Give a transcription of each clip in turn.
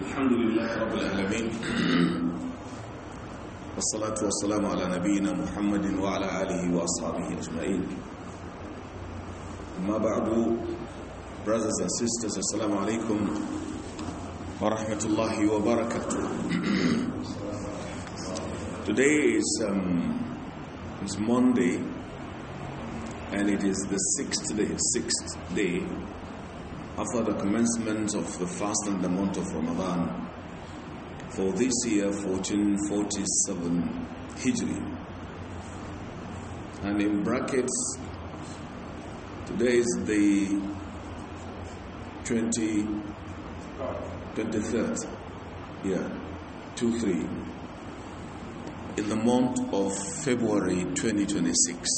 الحمد لله رب العالمين والصلاة والسلام على نبينا محمد وعلى آله وأصحابه أجمعين ما بعد brothers and sisters السلام عليكم ورحمة الله وبركاته Today is, um, is Monday and it is the sixth day, sixth day after the commencement of the fast in the month of Ramadan for this year 1447 Hijri. And in brackets, today is the 20, 23rd, yeah, 2 3, in the month of February 2026.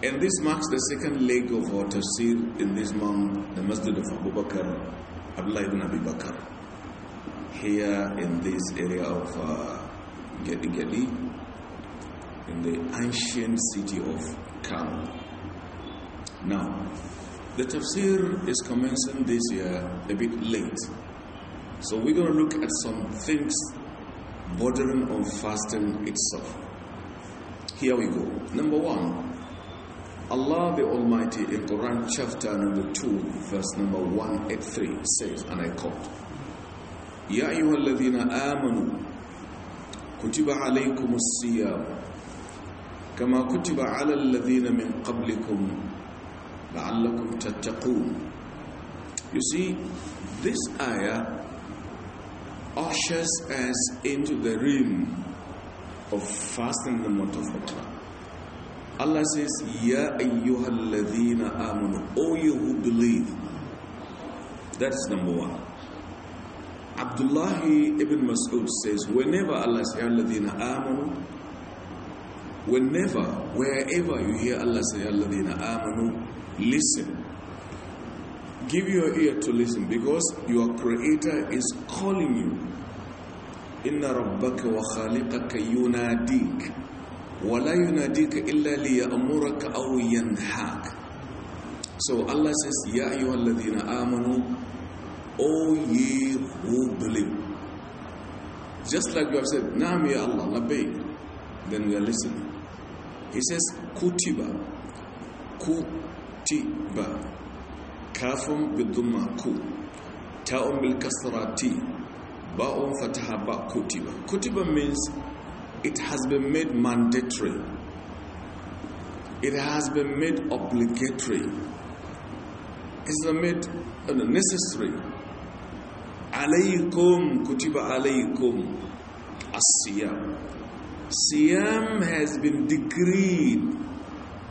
And this marks the second leg of our tafsir in this month, the Masjid of Abu Bakr, Abdullah ibn Abi Bakr. Here in this area of uh, Gedi Gedi, in the ancient city of Kano. Now, the tafsir is commencing this year a bit late. So we're going to look at some things bordering on fasting itself. Here we go. Number one, Allah the Almighty in Quran chapter number 2 verse number 183 says and I quote Ya أيها الذين آمنوا كتب عليكم kama كما كتب على min qablikum, قبلكم لعلكم You see this ayah ushers us into the realm of fasting the month of Ramadan Allah says, Ya ayyuhalladhina amanu, O you who believe. That's number one. Abdullah ibn Mas'ud says, whenever Allah says, Ya alladhina amanu, whenever, wherever you hear Allah say, Ya alladhina amanu, listen. Give your ear to listen because your Creator is calling you. Inna إِنَّ wa وَخَالِقَكَ يُنَادِيكَ وَلَا يُنَادِيكَ إِلَّا لِيَأْمُرَكَ أَوْ ينهاك So Allah says, يَا أَيُّهَا الَّذِينَ آمَنُوا او ye who believe. Just like you have said, نعم يا الله لبيك Then we are listening. He says, كتب كتب كاف بالضمة ku. تاء بالكسرة kasrati. باء فتحة باء كتب كتب means it has been made mandatory, it has been made obligatory, it's been made necessary. Alaykum kutiba alaykum as Siyam has been decreed,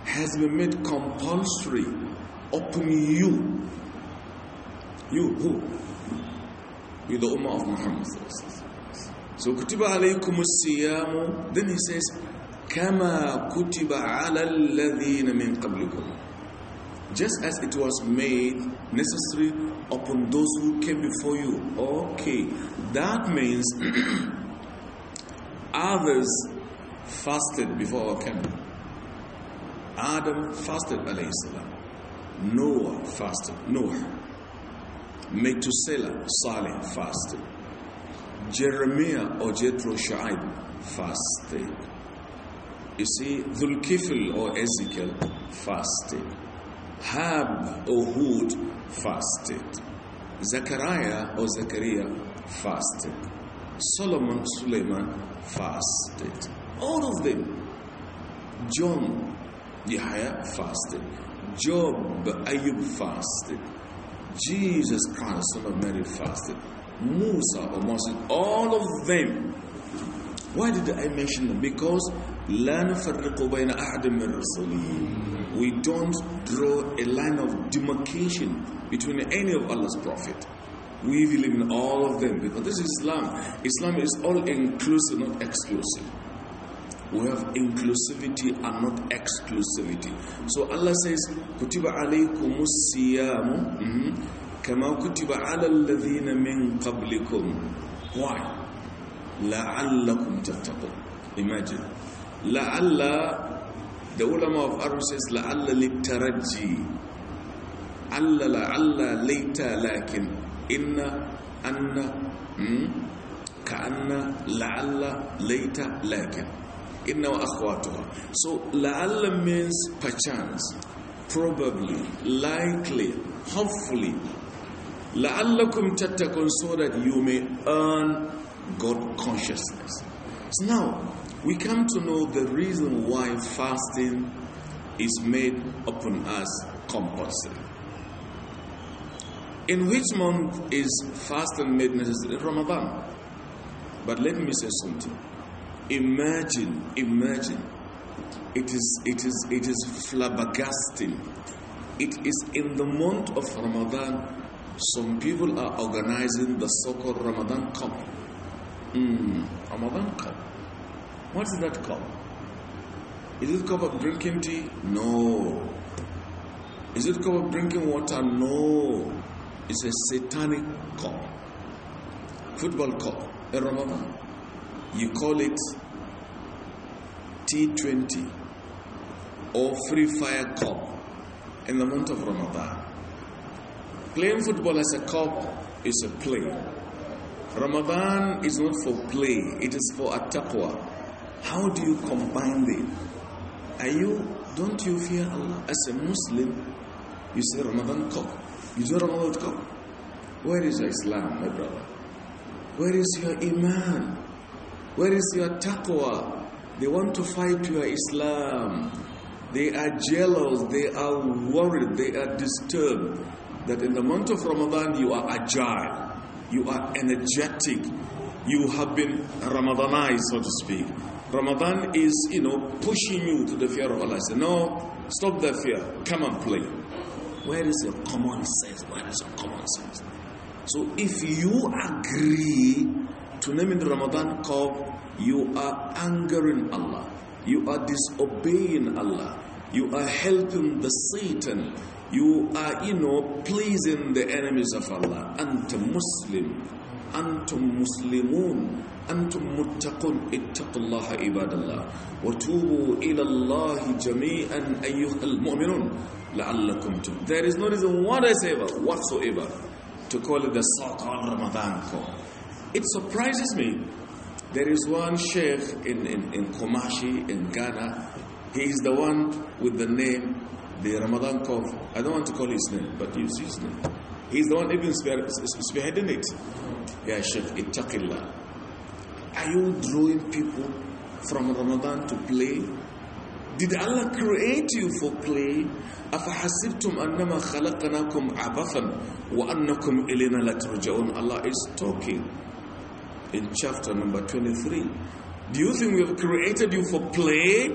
has been made compulsory upon you. You who? You the Ummah of Muhammad sallallahu so kutiba alaykum siyamu. Then he says, kama kutiba ala alladhina min qablikum. Just as it was made necessary upon those who came before you. Okay, that means others fasted before our coming. Adam fasted, alayhi salam. Noah fasted, Noah. Methuselah, Salih fasted. Jeremiah or Jethro Shaib fasted. You see, Dhulkifl or Ezekiel fasted. Hab or Hud fasted. Zechariah or Zechariah fasted. Solomon, Suleiman fasted. All of them. John, Yahya fasted. Job, Ayub fasted. Jesus Christ, Son of Mary fasted. Musa or Moses, all of them. Why did I mention them? Because لا نفرق بين أحد من We don't draw a line of demarcation between any of Allah's prophet. We believe in all of them because this is Islam. Islam is all inclusive, not exclusive. We have inclusivity and not exclusivity. So Allah says, كتب عليكم الصيام كما كتب على الذين من قبلكم why لعلكم تتقون imagine لعل the ulama of Arab says لعل للترجي عل لعل ليت لكن إن أن كأن لعل ليت لكن إن وأخواتها so لعل means perchance probably likely hopefully لَعَلَّكُمْ تَتَّقُونَ So that you may earn God consciousness. So now, we come to know the reason why fasting is made upon us compulsory. In which month is fasting made necessary? Ramadan. But let me say something. Imagine, imagine. It is, it is, it is flabbergasting. It is in the month of Ramadan some people are organizing the so-called Ramadan Cup. Mm, Ramadan Cup. What is that cup? Is it cup of drinking tea? No. Is it cup of drinking water? No. It's a satanic cup. Football cup Ramadan. You call it T20 or Free Fire Cup in the month of Ramadan. Playing football as a cop is a play. Ramadan is not for play, it is for attaqwa. How do you combine them? Are you, don't you fear Allah? As a Muslim, you say Ramadan cop. You do Ramadan cop. Where is your Islam, my brother? Where is your Iman? Where is your taqwa? They want to fight your Islam. They are jealous, they are worried, they are disturbed that in the month of Ramadan you are agile, you are energetic, you have been Ramadanized, so to speak. Ramadan is, you know, pushing you to the fear of Allah. I say, no, stop the fear, come and play. Where is your common sense? Where is your common sense? So if you agree to name the Ramadan call, you are angering Allah, you are disobeying Allah, you are helping the Satan, you are, you know, pleasing the enemies of Allah. Antum Muslim. Antum Muslimun. أنتم muttaqun, اتقوا ibadallah, عباد الله وتوبوا إلى الله جميعا أيها المؤمنون لعلكم تب There is no reason whatsoever, whatsoever to call it the so-called Ramadan call. It surprises me. There is one sheikh in, in, in Kumashi, in Ghana. He is the one with the name the Ramadan call. I don't want to call his name, but use his name. He's the one even spearheading it. Yeah, Sheikh, ittaqillah. Are you drawing people from Ramadan to play? Did Allah create you for play? أَفَحَسِبْتُمْ أَنَّمَا خَلَقْنَاكُمْ عَبَثًا وَأَنَّكُمْ إِلَيْنَا لَا تُرْجَعُونَ Allah is talking in chapter number 23. Do you think we have created you for play?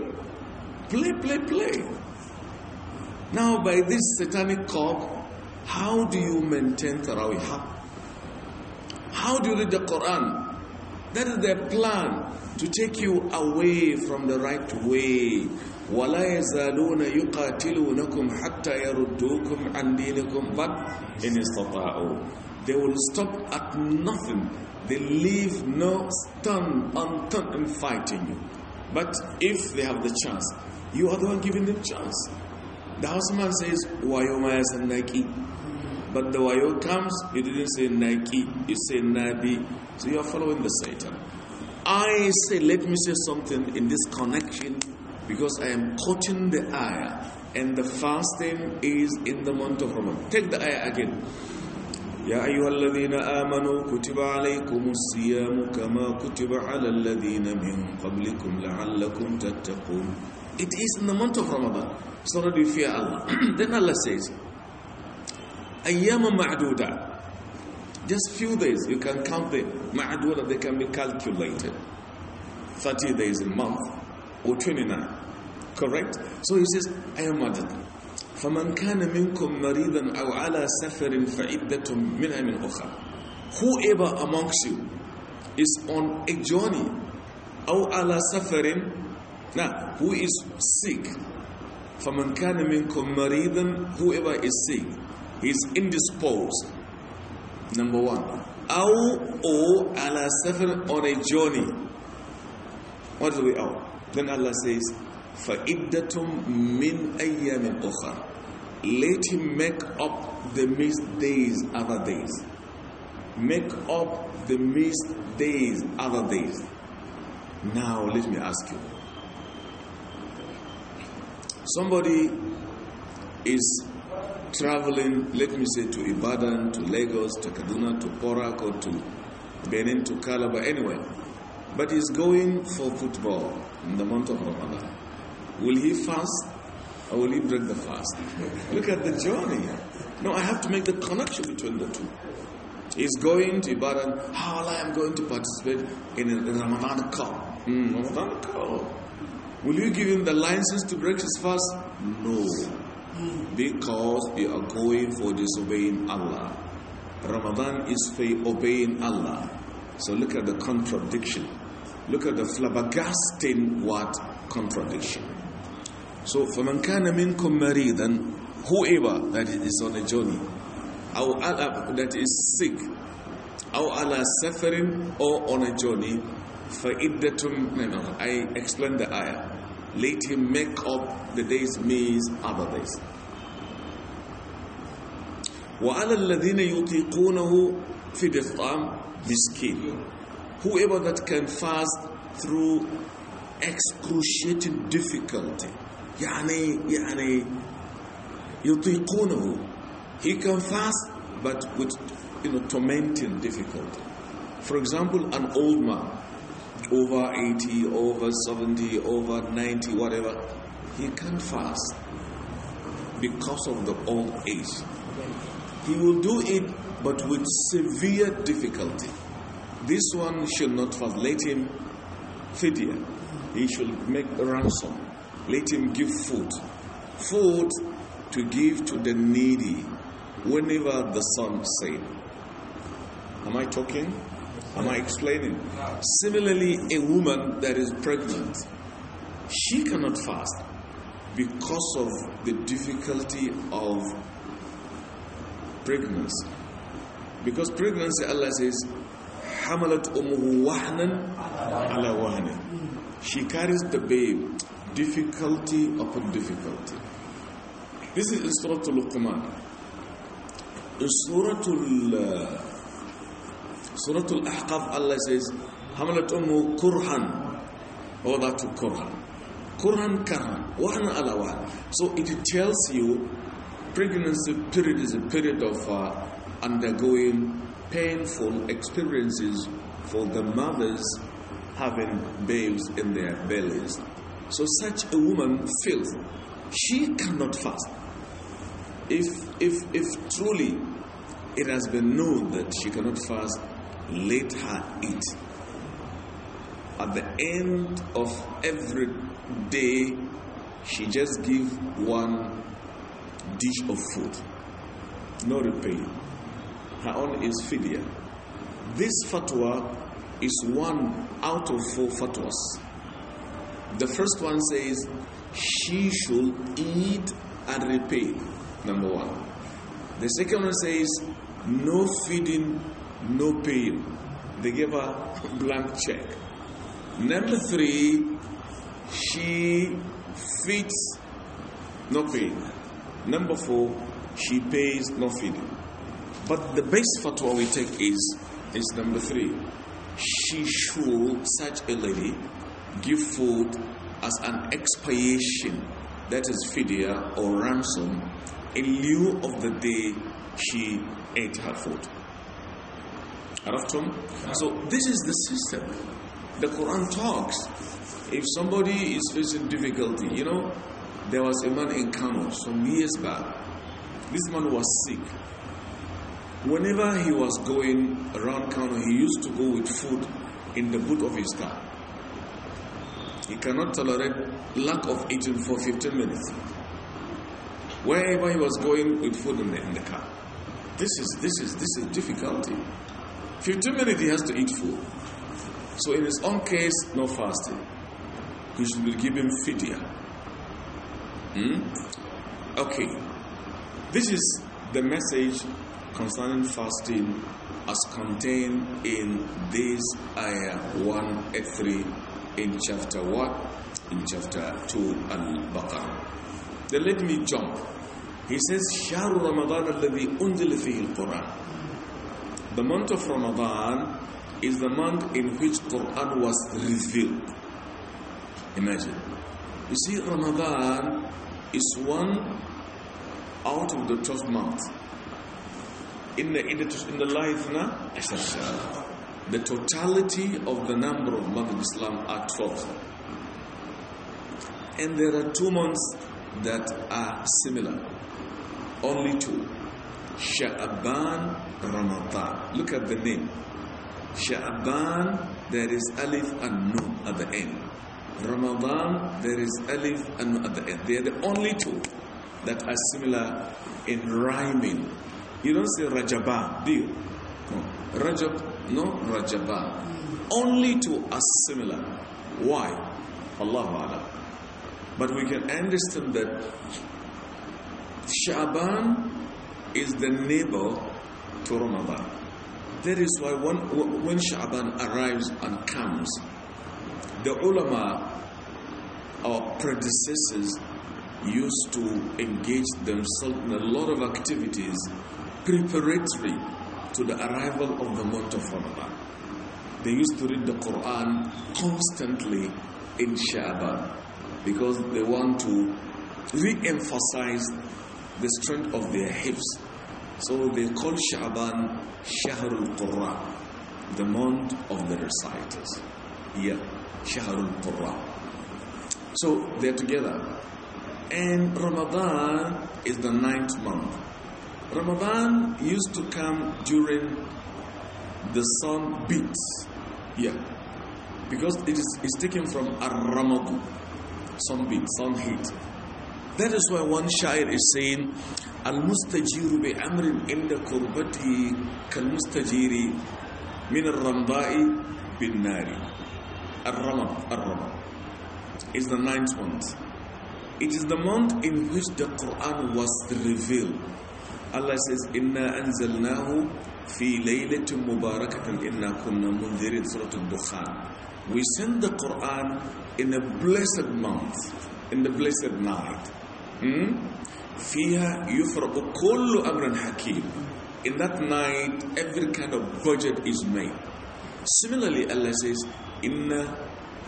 Play, play, play. Now, by this satanic cop, how do you maintain Taraweeh? How do you read the Quran? That is their plan to take you away from the right way. ولا يزالون يقاتلونكم حتى يردوكم عن دينكم but إن استطاعوا they will stop at nothing they leave no stone unturned in fighting you but if they have the chance you are the one giving them chance the houseman says, Wayo Maya said Nike. But the Wayo comes, you didn't say Nike, you say Nabi. So you are following the Satan. I say, let me say something in this connection because I am quoting the ayah. And the fasting is in the month of Ramadan. Take the ayah again. يا أيها الذين آمنوا كتب عليكم الصيام كما كتب على الذين من قبلكم لعلكم تتقون It is in the month of Ramadan. So that you fear Allah. then Allah says, Ayyama ma'duda. Just few days, you can count them. Ma'duda, they can be calculated. 30 days a month or 29. Correct? So he says, Ayyama ma'duda. فمن كان منكم مريضا أو على سفر فعدة من من أخرى whoever amongst you is on a journey أو على سفر now who is sick فَمَنْ كَانَ مِنْكُمْ مَرِيضًا Whoever is sick, he is indisposed. Number one. أَوْ or عَلَى سَفَرٍ on a journey. What is the way out? Then Allah says, فَإِدَّةٌ مِنْ أَيَّامٍ أُخْرَى Let him make up the missed days, other days. Make up the missed days, other days. Now let me ask you, Somebody is traveling, let me say, to Ibadan, to Lagos, to Kaduna, to Porak, or to Benin, to Calabar, anywhere. But he's going for football in the month of Ramadan. Will he fast or will he break the fast? Look at the journey. No, I have to make the connection between the two. He's going to Ibadan. How I am going to participate in the Ramadan Cup? Mm, Ramadan Will you give him the license to break his fast? No. Because you are going for disobeying Allah. Ramadan is for obeying Allah. So look at the contradiction. Look at the flabbergasting what contradiction. So for كَانَ مِنْكُمْ مَرِيدًا Whoever that is on a journey Allah that is sick our Allah suffering or on a journey فَإِدَّةٌ you I explain the ayah. Let him make up the day's means other days. وَعَلَى الَّذِينَ يُطِيقُونَهُ فِدْيَةٌ طَعَامٌ Whoever that can fast through excruciating difficulty. يعني يعني يطيقونه. He can fast but with you know tormenting difficulty. For example, an old man over 80, over 70, over 90, whatever, he can't fast because of the old age. He will do it, but with severe difficulty. This one should not fast. Let him feed him. He should make a ransom. Let him give food. Food to give to the needy whenever the sun said. Am I talking? Am I explaining? Similarly, a woman that is pregnant, she cannot fast because of the difficulty of pregnancy. Because pregnancy, Allah says, "Hamalat She carries the babe difficulty upon difficulty. This is in Surah Al-Luqman. In Surah Al- Surah Al-Ahqaf, Allah says, Hamalat أمه كرها or that to Kurhan Quran Karan, one ala So it tells you pregnancy period is a period of uh, undergoing painful experiences for the mothers having babes in their bellies. So such a woman feels she cannot fast. If if if truly it has been known that she cannot fast, let her eat. At the end of every day, she just give one dish of food. No repay. Her own is fidya. This fatwa is one out of four fatwas. The first one says she should eat and repay, number one. The second one says no feeding no pain. They gave her blank check. Number three, she feeds no pain. Number four, she pays no feeding. But the best photo we take is is number three. She should such a lady give food as an expiation, that is fidia or ransom, in lieu of the day she ate her food. So this is the system. The Quran talks. If somebody is facing difficulty, you know, there was a man in Kano some years back. This man was sick. Whenever he was going around Kano, he used to go with food in the boot of his car. He cannot tolerate lack of eating for 15 minutes. Wherever he was going with food in the, in the car. This is this is this is difficulty. 15 minutes he has to eat food. So in his own case, no fasting. Because we will give him fidya. Hmm? Okay. This is the message concerning fasting as contained in this ayah 183 in chapter 1 in chapter 2 Al-Baqarah. Then let me jump. He says, شهر رمضان الذي أنزل فيه Quran." The month of Ramadan is the month in which Quran was revealed. Imagine. You see, Ramadan is one out of the 12 months. In the, in the, in the life, the totality of the number of months in Islam are 12. And there are two months that are similar. Only two. Sha'aban Ramadan. Look at the name. Sha'aban, there is Alif and Nun at the end. Ramadan, there is Alif and Nun at the end. They are the only two that are similar in rhyming. You don't say Rajaban, do you? No. Rajab, no, Rajaban. Only two are similar. Why? Allahu But we can understand that Sha'ban is the neighbor to Ramadan. That is why when, when Sha'ban arrives and comes, the ulama, our predecessors, used to engage themselves in a lot of activities preparatory to the arrival of the month of Ramadan. They used to read the Quran constantly in Sha'ban because they want to re-emphasize the strength of their hips. So they call Sha'ban Shahrul Qurra, the month of the reciters. Yeah, Shahrul Qurra. So they're together. And Ramadan is the ninth month. Ramadan used to come during the sun beats. Yeah. Because it is it's taken from Ar-Ramadu. Sun beat, sun heat. That is why one shair is saying, Al-mustajiru amrin inda kurbati kal-mustajiri min al-ramba'i bin nari. Al-Ramad, Al-Ramad. It's the ninth month. It is the month in which the Quran was revealed. Allah says, Inna anzalnahu fi laylatin mubarakatin inna kunna munzirin surat al bukhan We send the Quran in a blessed month in the blessed night. فيها يفرق كل أمر حكيم in that night every kind of budget is made similarly Allah says Inna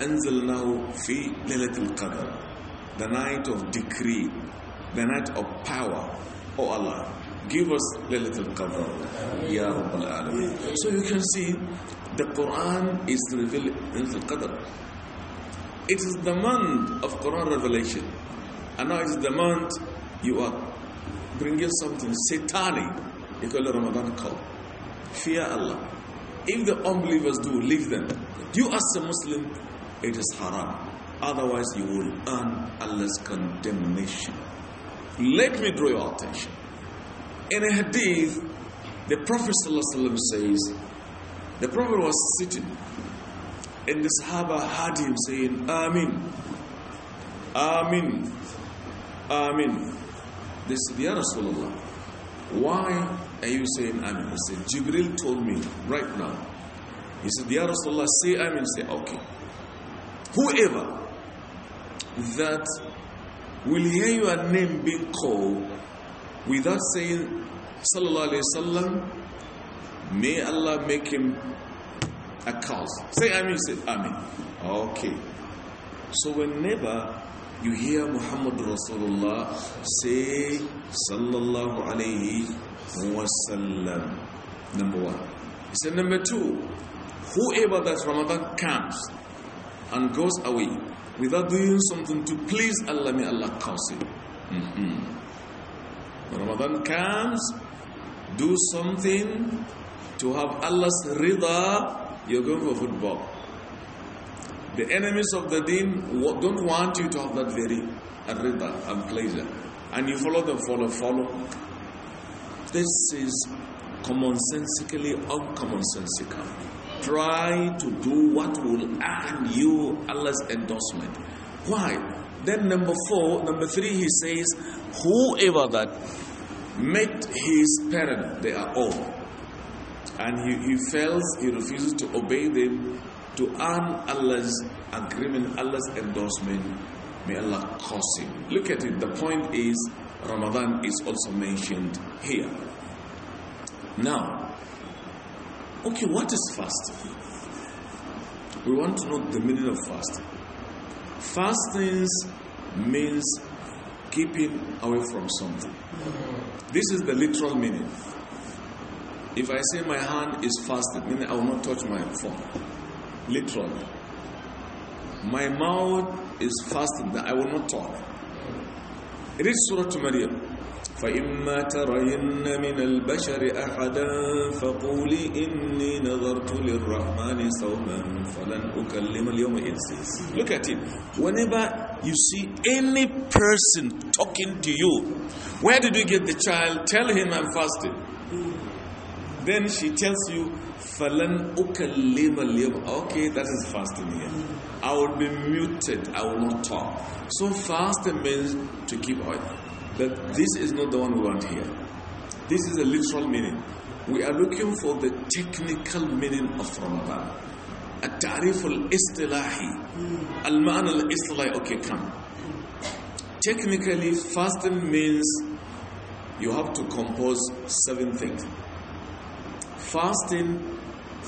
أنزلناه في ليلة القدر the night of decree the night of power oh Allah give us Laylatul Qadr Ya Rabbal Alameen so you can see the Quran is revealed in the Qadr it is the month of Quran revelation and now it's the month you are bringing something satanic. You call it Ramadan call. Fear Allah. If the unbelievers do, leave them. You as a Muslim, it is haram. Otherwise, you will earn Allah's condemnation. Let me draw your attention. In a hadith, the Prophet ﷺ says, the Prophet was sitting, and the Sahaba heard him saying, Amin, Amin, Amin. They said, Ya Rasulullah, why are you saying Amin? He said, Jibril told me right now. He said, Ya Rasulullah, say Amin. Say, okay. Whoever that will hear your name being called without saying Sallallahu Alaihi Wasallam, may Allah make him a cause. Say Amin. He said, Amin. Okay. So whenever you hear Muhammad Rasulullah say, Sallallahu Alaihi Wasallam. Number one. He said, Number two, whoever that Ramadan comes and goes away without doing something to please Allah, may Allah cause it. Mm -hmm. Ramadan comes, do something to have Allah's rida, you're going for football. The enemies of the deen don't want you to have that very rida and pleasure. And you follow them, follow, follow. This is commonsensically uncommonsensical. Try to do what will earn you Allah's endorsement. Why? Then number four, number three, he says, whoever that met his parent, they are all. And he, he fails, he refuses to obey them, to earn Allah's agreement, Allah's endorsement. May Allah cause him. Look at it. The point is, Ramadan is also mentioned here. Now, okay, what is fast? We want to know the meaning of fast. Fasting means keeping away from something. This is the literal meaning. If I say my hand is fasted, meaning I will not touch my phone literally. My mouth is fasting that I will not talk. It is Surah to Maryam. فإما ترين من البشر أحدا فقولي إني نظرت للرحمن صوما فلن أكلم اليوم إنسيس Look at it. Whenever you see any person talking to you, where did you get the child? Tell him I'm fasting. Then she tells you, Falan Okay, that is fasting here. I will be muted. I will not talk. So fasting means to keep out. But this is not the one we want here. This is a literal meaning. We are looking for the technical meaning of Ramadan. التعريف الاصطلاحي المعنى الاصطلاحي okay come technically fasting means you have to compose seven things fasting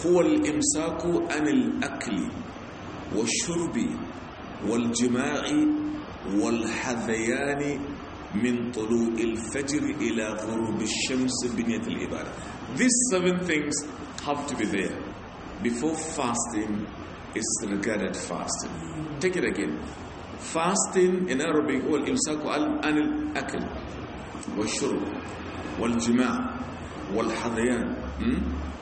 huwa al-imsaku anil akli washurbi waljima'i walhadhayani min tulu'il fajr ila ghurubi ash-shams biniyat al-ibadah these seven things have to be there before fasting is regarded fasting take it again fasting in arabic huwa al-imsaku anil akli washurbi waljima'i والحذيان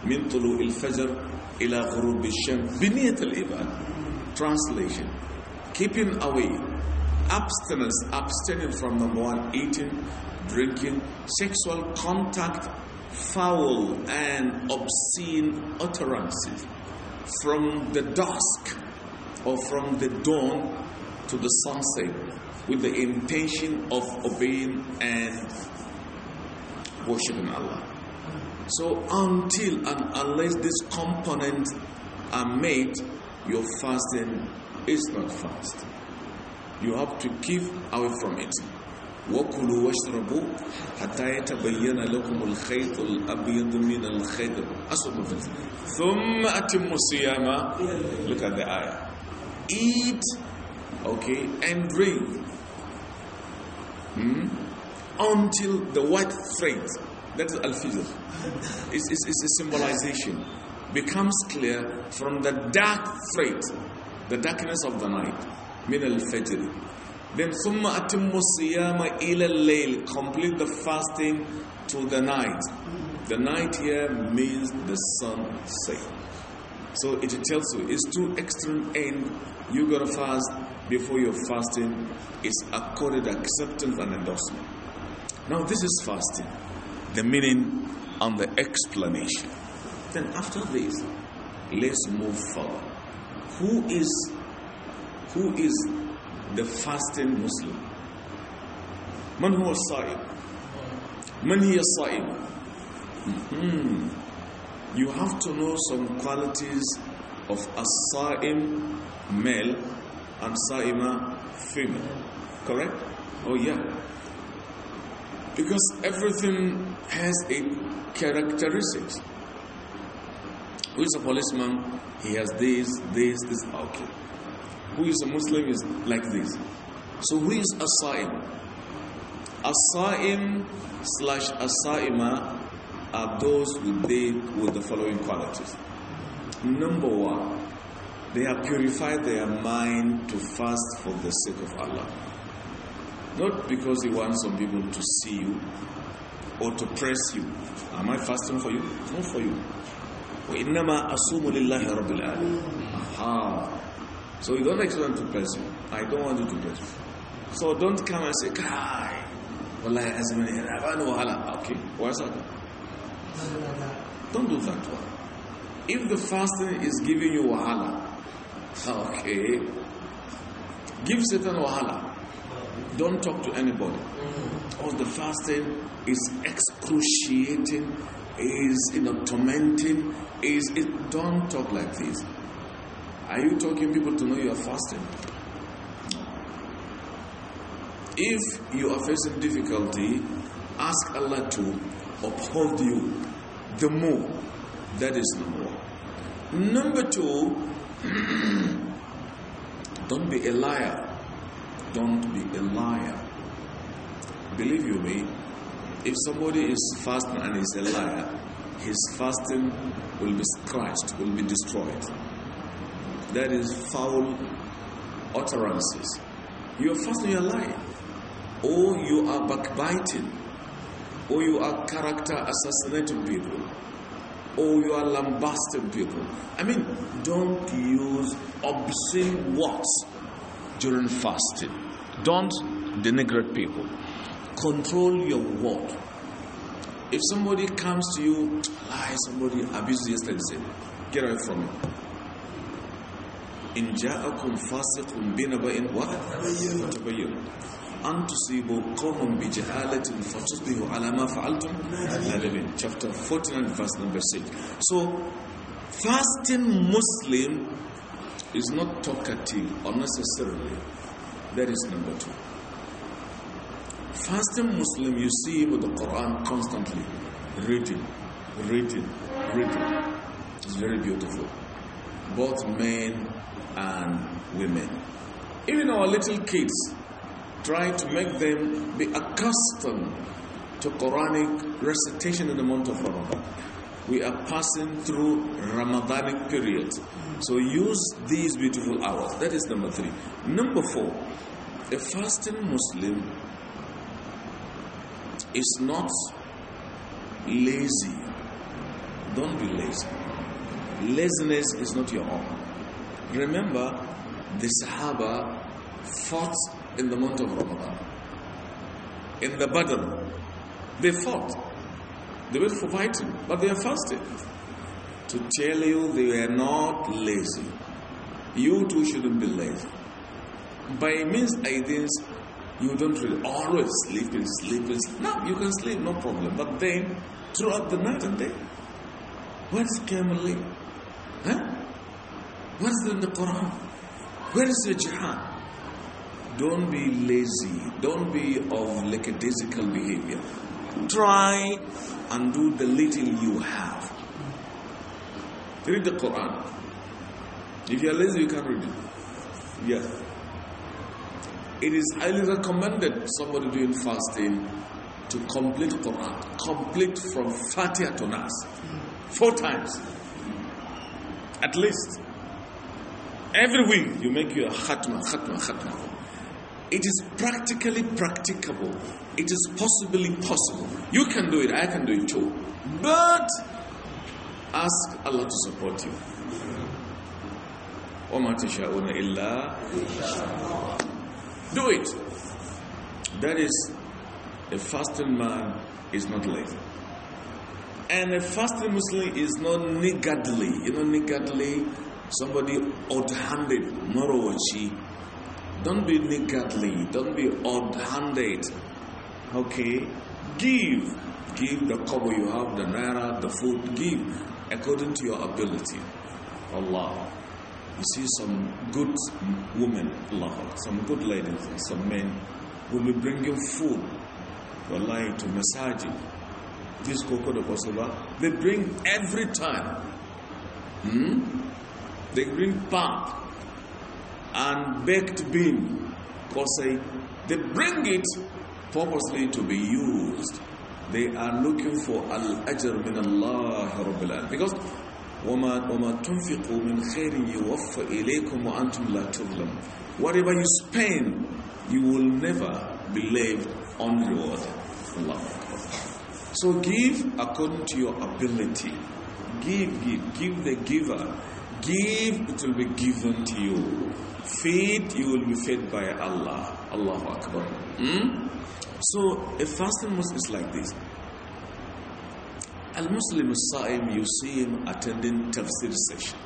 من طلوع الفجر إلى غروب الشمس بنية الإيمان translation keeping away abstinence abstaining from number one eating drinking sexual contact foul and obscene utterances from the dusk or from the dawn to the sunset with the intention of obeying and worshiping Allah so until and unless this component are made, your fasting is not fast. You have to keep away from it. وكلوا واشربوا حتى يتبين لكم الخيط الأبيض من الخيط الأسود ثم أتموا الصيام look at the ayah eat okay and drink hmm? until the white thread that is al-fajr. It's, it's, it's a symbolization. Becomes clear from the dark freight, the darkness of the night. Min al-fajr. Then ثُمَّ أَتِمُّ الصِّيَامَ إِلَى اللَّيْلِ Complete the fasting to the night. The night here means the sun set. So it tells you it's two extreme end. You gotta fast before your fasting is accorded acceptance and endorsement. Now this is fasting the meaning and the explanation. Then after this, let's move forward. Who is who is the fasting Muslim? Man who is الصائم؟ Man هي الصائمة؟ Mm. You have to know some qualities of a saim male and sa'ima female. Correct? Oh yeah. Because everything has a characteristics. Who is a policeman? He has this, this, this, okay. Who is a Muslim is like this. So who is a Sa'im? A Sa'im slash a Sa'ima are those with the, with the following qualities. Number one, they have purified their mind to fast for the sake of Allah. Not because He wants some people to see you or to press you. Am I fasting for you? not for you. وَإِنَّمَا أَصُومُ لِلَّهِ رَبِّ الْعَالَمِينَ Aha. So you don't expect to press you. I don't want you to press me. So don't come and say, Kai, Wallahi Azmani, Rabban Wahala. Okay, what's that? Don't do that one. If the fasting is giving you Wahala, okay, give Satan Wahala. Don't talk to anybody. All the fasting is excruciating, is you know tormenting, is it don't talk like this. Are you talking people to know you are fasting? If you are facing difficulty, ask Allah to uphold you the more. That is number one. Number two, don't be a liar. Don't be a liar. Believe you me, if somebody is fasting and is a liar, his fasting will be scratched, will be destroyed. That is foul utterances. You are fasting, you are lying. Or you are backbiting. Or you are character assassinating people. Or you are lambasting people. I mean, don't use obscene words during fasting. Don't denigrate people. Control your word. If somebody comes to you, lie, somebody abused you yesterday, say, get away from him. إن جاءكم فاسق بنبأ وتبين أن تصيبوا قوم بجهالة فتصبحوا على ما فعلتم نادمين chapter 49 verse number 6 so fasting Muslim is not talkative unnecessarily. That is number two. Fasting Muslim, you see him with the Quran constantly reading, reading, reading. It's very beautiful. Both men and women. Even our little kids, try to make them be accustomed to Quranic recitation in the month of Ramadan we are passing through Ramadanic period. So use these beautiful hours. That is number three. Number four, a fasting Muslim is not lazy. Don't be lazy. Laziness is not your own. Remember, the Sahaba fought in the month of Ramadan. In the battle, they fought. They wait for fighting, but they are fasting. To tell you they are not lazy. You too shouldn't be lazy. By means ideas, you don't really always sleep and Sleep. No, you can sleep, no problem. But then, throughout the night and day, where's Kamalin? Huh? Where's in the Quran? Where is your jihad? Don't be lazy. Don't be of lackadaisical behavior. Try and do the little you have. Read the Quran. If you are lazy, you can read it. Yes. It is highly recommended somebody doing fasting to complete Quran. Complete from Fatiha to Nas. Four times. At least. Every week you make your khatma, khatma, khatma. It is practically practicable. It is possibly possible. You can do it, I can do it too. But ask Allah to support you. وَمَا تَشَاءُونَ إِلَّا Do it. That is, a fasting man is not lazy. And a fasting Muslim is not niggardly. You know, niggardly, somebody odd handed, morowashi, don't be niggardly. Don't be odd-handed. Okay? Give. Give the cover you have, the naira, the food. Give according to your ability. Allah. You see some good women, Allah, some good ladies, some men will be bringing food, life, to masajid. This Koko de Kosoba, they bring every time. Hmm? They bring pap, and baked bean because they, they bring it purposely to be used they are looking for al-ajr min Allah Rabbil Alamin because وَمَا, وَمَا تُنْفِقُوا مِنْ خَيْرٍ يُوَفَّ إِلَيْكُمْ وَأَنْتُمْ لَا whatever you spend you will never be left unrewarded Allah so give according to your ability give give give the giver Give, it will be given to you. Feed, you will be fed by Allah. Allahu Akbar. Hmm? So, a fasting Muslim is like this. Al-Muslim Sa'im, you see him attending tafsir session.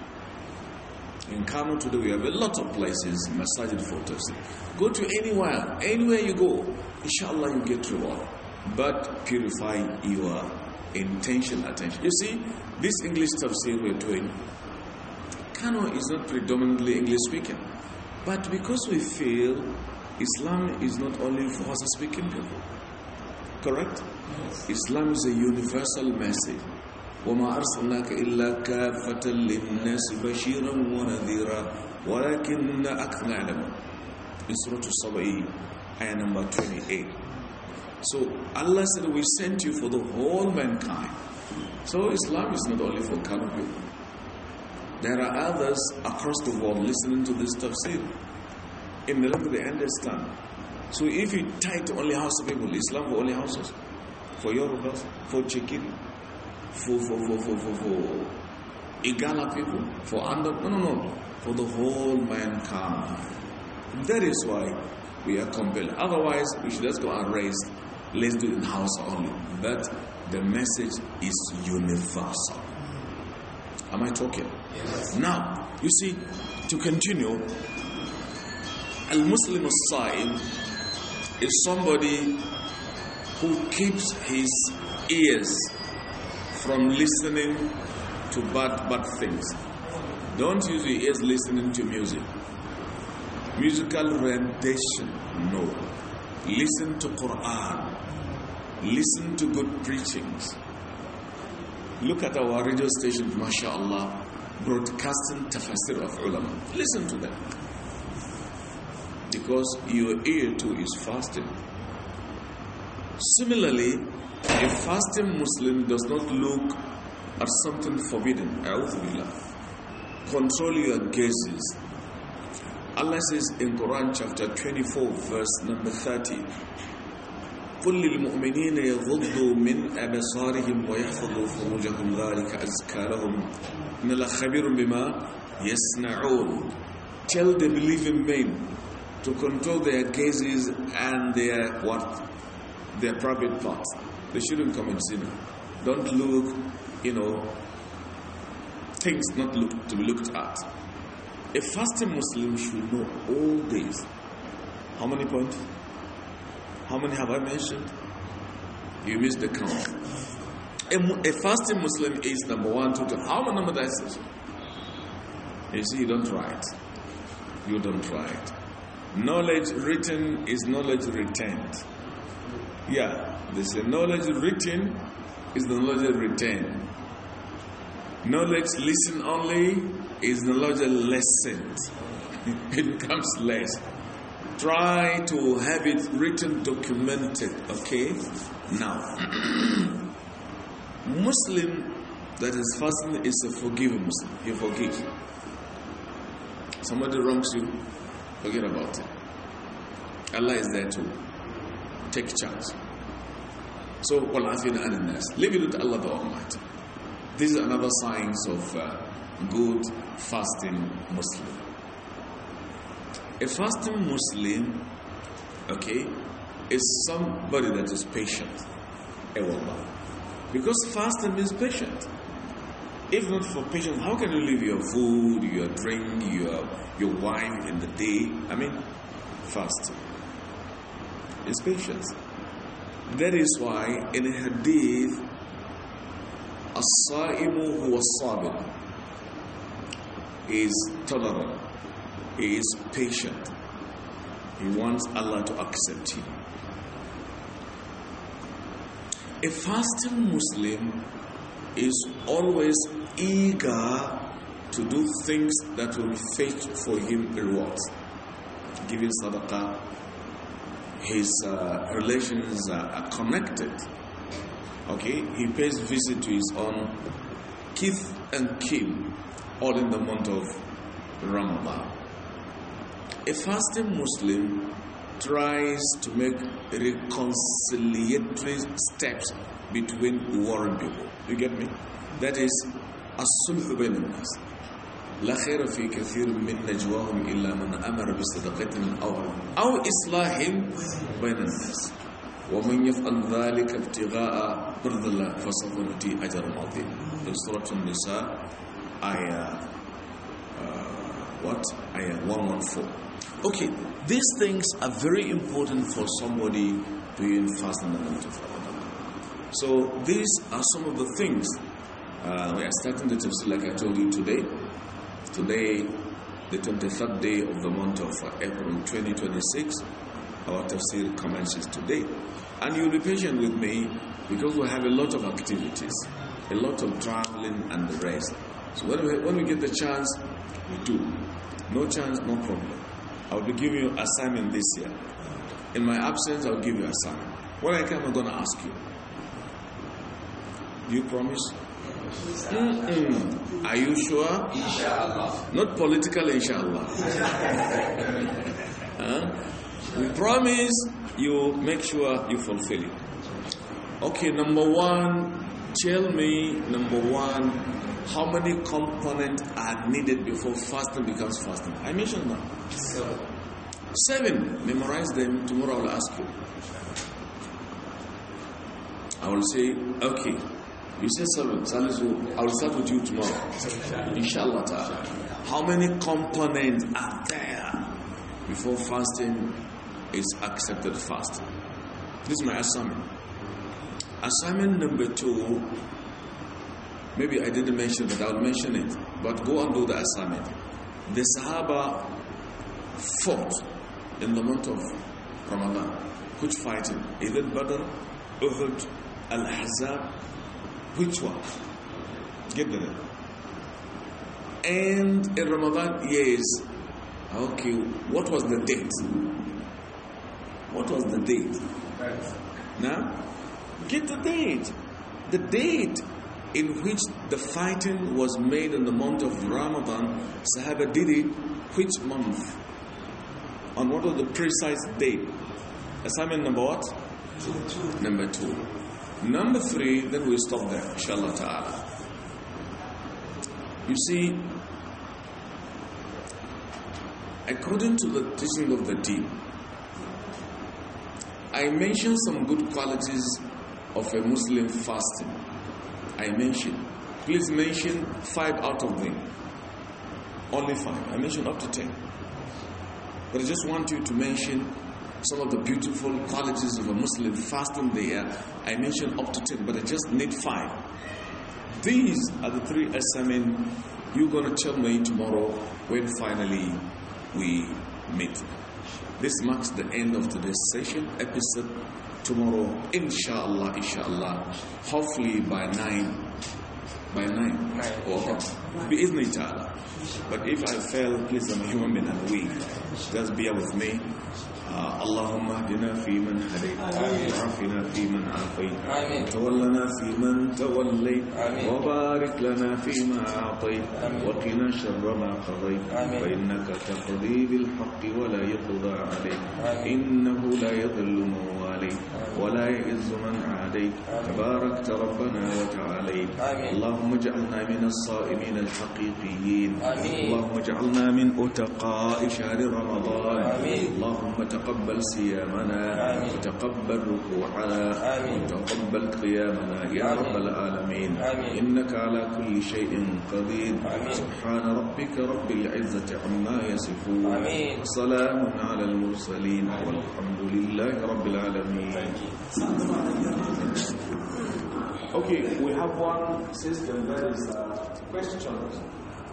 In Kano today, we have a lot of places, masajid for tafsir. Go to anywhere, anywhere you go, inshallah you get reward. But purify your intention, attention. You see, this English tafsir we're doing, Kano is not predominantly English speaking. But because we feel Islam is not only for Hausa speaking people, correct? Yes. Islam is a universal message. وما أرسلناك إلا كافة للناس بشيرا ونذيرا ولكن أكثر يعلمون in Surah Al-Sabai, ayah number 28. So Allah said, we sent you for the whole mankind. So Islam is not only for Kano people. There are others across the world listening to this tafsir in the language they understand. So if you tie to only house people, Islam for only houses, for Yorubas, for Chekiri, for, for, for, for, for, for Igala people, for under no, no, no, for the whole mankind. That is why we are compelled. Otherwise, we should just go and raise, let's do it in house only. But the message is universal. Am I talking? Yes. Now, you see, to continue, Al Muslim aside is somebody who keeps his ears from listening to bad, bad things. Don't use your ears listening to music. Musical rendition, no. Listen to Quran. Listen to good preachings Look at our radio stations, mashallah, broadcasting tafsir of ulama. Listen to them. Because your ear too is fasting. Similarly, a fasting Muslim does not look at something forbidden. Control your gazes. Allah says in Quran chapter 24, verse number 30. قل للمؤمنين يغضوا من أبصارهم ويحفظوا فروجهم ذلك أزكى لهم إن الله خبير بما يصنعون Tell the believing men to control their gazes and their what? Their private parts. They shouldn't commit sin. Don't look, you know, things not look, to be looked at. A fasting Muslim should know all this. How many points? How many have I mentioned? You missed the count. A, a fasting Muslim is number one, two, two. How many number that is? You see, you don't write. You don't write. Knowledge written is knowledge retained. Yeah, they say knowledge written is the knowledge retained. Knowledge listened only is knowledge lessened. it becomes less try to have it written, documented. Okay? Now, Muslim that is fasting is a forgiving Muslim. He forgives. Somebody wrongs you, forget about it. Allah is there to take charge. So, walafina ananas. Leave it with Allah the Almighty. This is another sign of uh, good fasting Muslim. A fasting Muslim, okay, is somebody that is patient. Eh, because fasting means patient. If not for patience, how can you leave your food, your drink, your, your wine in the day? I mean, fasting is patience. That is why in a hadith, a saimu huwa sabir is tolerant is patient. He wants Allah to accept him. A fasting Muslim is always eager to do things that will fetch for him rewards. Giving sadaqah, his uh, relations are connected. Okay, he pays visit to his own kith and kin, all in the month of Ramadan. A fasting Muslim tries to make reconciliatory steps between warring people. You get me? That is الصلح بين الناس لا خير في كثير من نجواهم إلا من أمر بصدقة أو أو إصلاح بين الناس ومن يفعل ذلك ابتغاء مرض الله فسوف نؤتيه أجرا عظيما في سورة النساء آية uh, what? آية 114 Okay, these things are very important for somebody doing fast in the month of Ramadan. So these are some of the things uh, we are starting the tafsir like I told you today. Today, the 23rd day of the month of uh, April 2026, our tafsir commences today. And you'll be patient with me because we have a lot of activities, a lot of traveling and the rest. So when we, when we get the chance, we do. No chance, no problem. I'll be giving you assignment this year. In my absence, I'll give you assignment. When I come, I'm going to ask you. Do you promise? Mm -mm. Are you sure? Inshallah. Not political, inshallah. huh? We promise you make sure you fulfill it. Okay, number one, tell me, number one, how many components are needed before fasting becomes fasting? I mentioned now. Seven. Seven. Memorize them. Tomorrow I will ask you. I will say, okay, you said seven. So I will start with you tomorrow. Inshallah. Ta'ala. How many components are there before fasting is accepted fasting? This is my assignment. Assignment number two Maybe I didn't mention it, I'll mention it. But go and do the assignment. The Sahaba fought in the month of Ramadan. Which fighting? Either Badr, Uhud, Al Hazab. Which one? Give me that. And in Ramadan, yes. Okay, what was the date? What was the date? Now, get the date. The date in which the fighting was made in the month of Ramadan, Sahaba did it which month? On what was the precise date? Assignment number what? Number two. Number three, then we stop there, inshallah ta'ala. You see, according to the teaching of the deen, I mentioned some good qualities of a Muslim fasting. I mentioned. Please mention five out of them. Only five. I mentioned up to ten. But I just want you to mention some of the beautiful qualities of a Muslim fasting there. I mentioned up to 10, but I just need five. These are the three assignments you're going to tell me tomorrow when finally we meet. This marks the end of today's session episode. Tomorrow, inshallah, inshallah, hopefully by 9, by 9, nine. or bi'idhni ta'ala. But if I fail, please, I'm a human being and weak. Just bear with me. اللهم اهدنا فيمن هديت وعافنا فيمن عافيت وتولنا فيمن توليت وبارك لنا فيما أعطيت وقنا شر ما قضيت فإنك تقضي بالحق ولا يقضى عليك إنه لا يضل من واليت ولا يئز من عافيت عليك تباركت ربنا وتعاليت اللهم اجعلنا من الصائمين الحقيقيين اللهم اجعلنا من أتقاء شهر رمضان اللهم تقبل صيامنا وتقبل ركوعنا وتقبل قيامنا يا رب العالمين إنك على كل شيء قدير سبحان ربك رب العزة عما يصفون وسلام على المرسلين والحمد لله رب العالمين Okay, we have one system that is uh, questions.